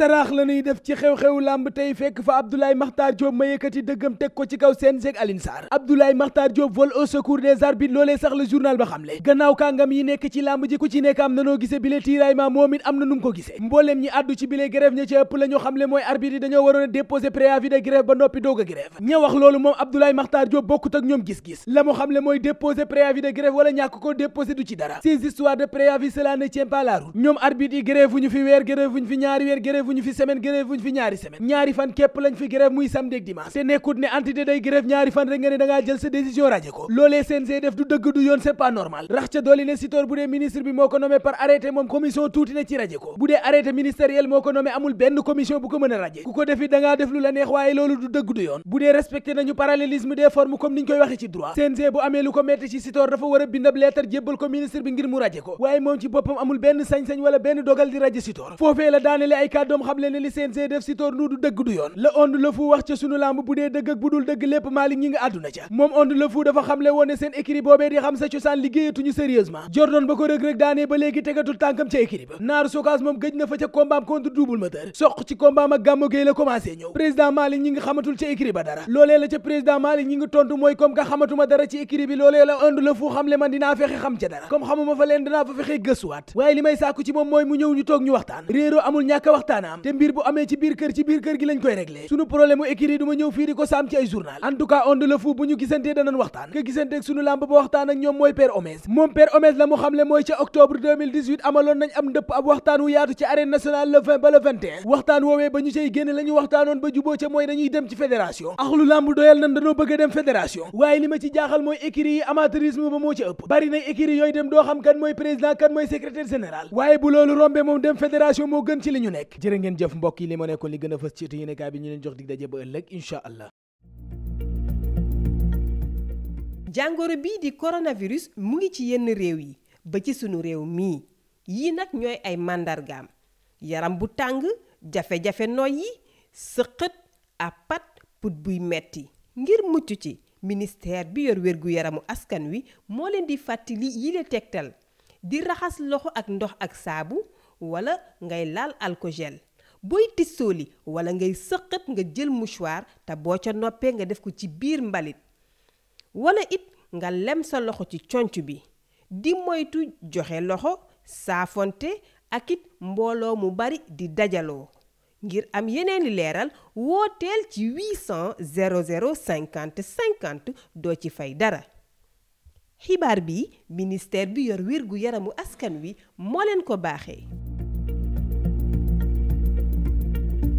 saraax la ñuy def ci xew-xewu làmb tey fekk fa Abdoulaye Makhtar Diop ma yëkkati dëggam teg ko ci kaw CNG ak Alioune Sarr Abdoulaye Makhtar Diop vol au secours des arbitres loolee sax le journal ba xamle gannaaw kàngam yi nekk ci làmb ji ku ci nekk nanoo gisee bile tiiraay ma moom am na nu ko gisee mbooleem ñi àddu ci bile grève ña ëpp la xamle mooy arbitre yi dañoo waroon a déposer de grève ba noppi doog a grève loolu moom Abdoulaye fi semaine grève fi ñaari semaine ñaari fan képp lañ fi grève muy samedi ak te nekkut ne entité day grève ñaari fan rek ne da ngaa jël sa décision raje ko loolee CNG def du dëgg du yoon c'est pas normal rax ca dooli ne Sitor bu dee ministre bi moo ko nommé par arrêté moom commission tuuti na ci raje ko bu dee arrêté ministériel moo ko nommé amul benn commission bu ko mën a raje ku ko defi da ngaa def lu la neex waaye loolu du dëgg du yoon bu dee respecté nañu parallélisme des formes comme niñ a bindab leetar jébbal ko ministre bi ngir mu raje benn sañ-sañ wala benn dogal di raje Sitor foofee moom xam le def Sitor Ndour du dëgg du yoon la ond le fu wax ca sunu lamb bu dee dëgg bu dul dëgg lépp Malick ñi nga àdduna ca moom ond le fu dafa xam woon ne seen écurie boobee di xam sa cosaan liggéeyatuñu sérieusement Jordan ba ko rëg-rëg daanee ba léegi tegatul tànkam ca écurie ba naaru moom gëj na fa ca combat contre double moteur soq ci combat ak gàmmo géey la commencé ñëw président Malick ñi nga xamatul ca écurie bi loolee la maanaam te ndëpp ab waxtaan wu yaatu ci arène nationale ba le 21 waxtaan woowee ba ñu cay génn la waxtaanoon ba juboo ca mooy dañuy dem ci fédération axlu lamb doyal nan dañoo bëgg dem fédération waaye li ci jaaxal mooy écurie amateurisme ba moo ci ëpp bari na écurie yooyu dem doo xam kan mooy président kan mooy secrétaire général waaye bu loolu rombe moom dem fédération moo gën ci li nekk ngeen jëf mbokk yi li ma li gën a fës ci bi ñu leen jox dig daje ba ëllëg incha jàngoro bii di coronavirus mu ngi ci yenn réew yi ba ci sunu réew mii yii nag ñooy ay màndargaam yaram bu tàng jafe-jafe noyyi sëqët apat put buy metti ngir mucc ci ministère bi yor wérgu yaramu askan wi moo leen di fàttali yile tegtal di raxas loxo ak ndox ak saabu. wala ngay laal alcogel booy tissoo li wala ngay sëqat nga jël mouchoir te boo ca noppee nga def ko ci biir mbalit wala it nga lem sa loxo ci conc bi di moytu joxe loxo saafonte ak it mbooloo mu bari di dajaloo ngir am yeneeni leeral wooteel ci 800 00 50 50 doo ci fay dara xibaar bi ministère bi yor wér gu yaramu askan wi moo leen ko baaxee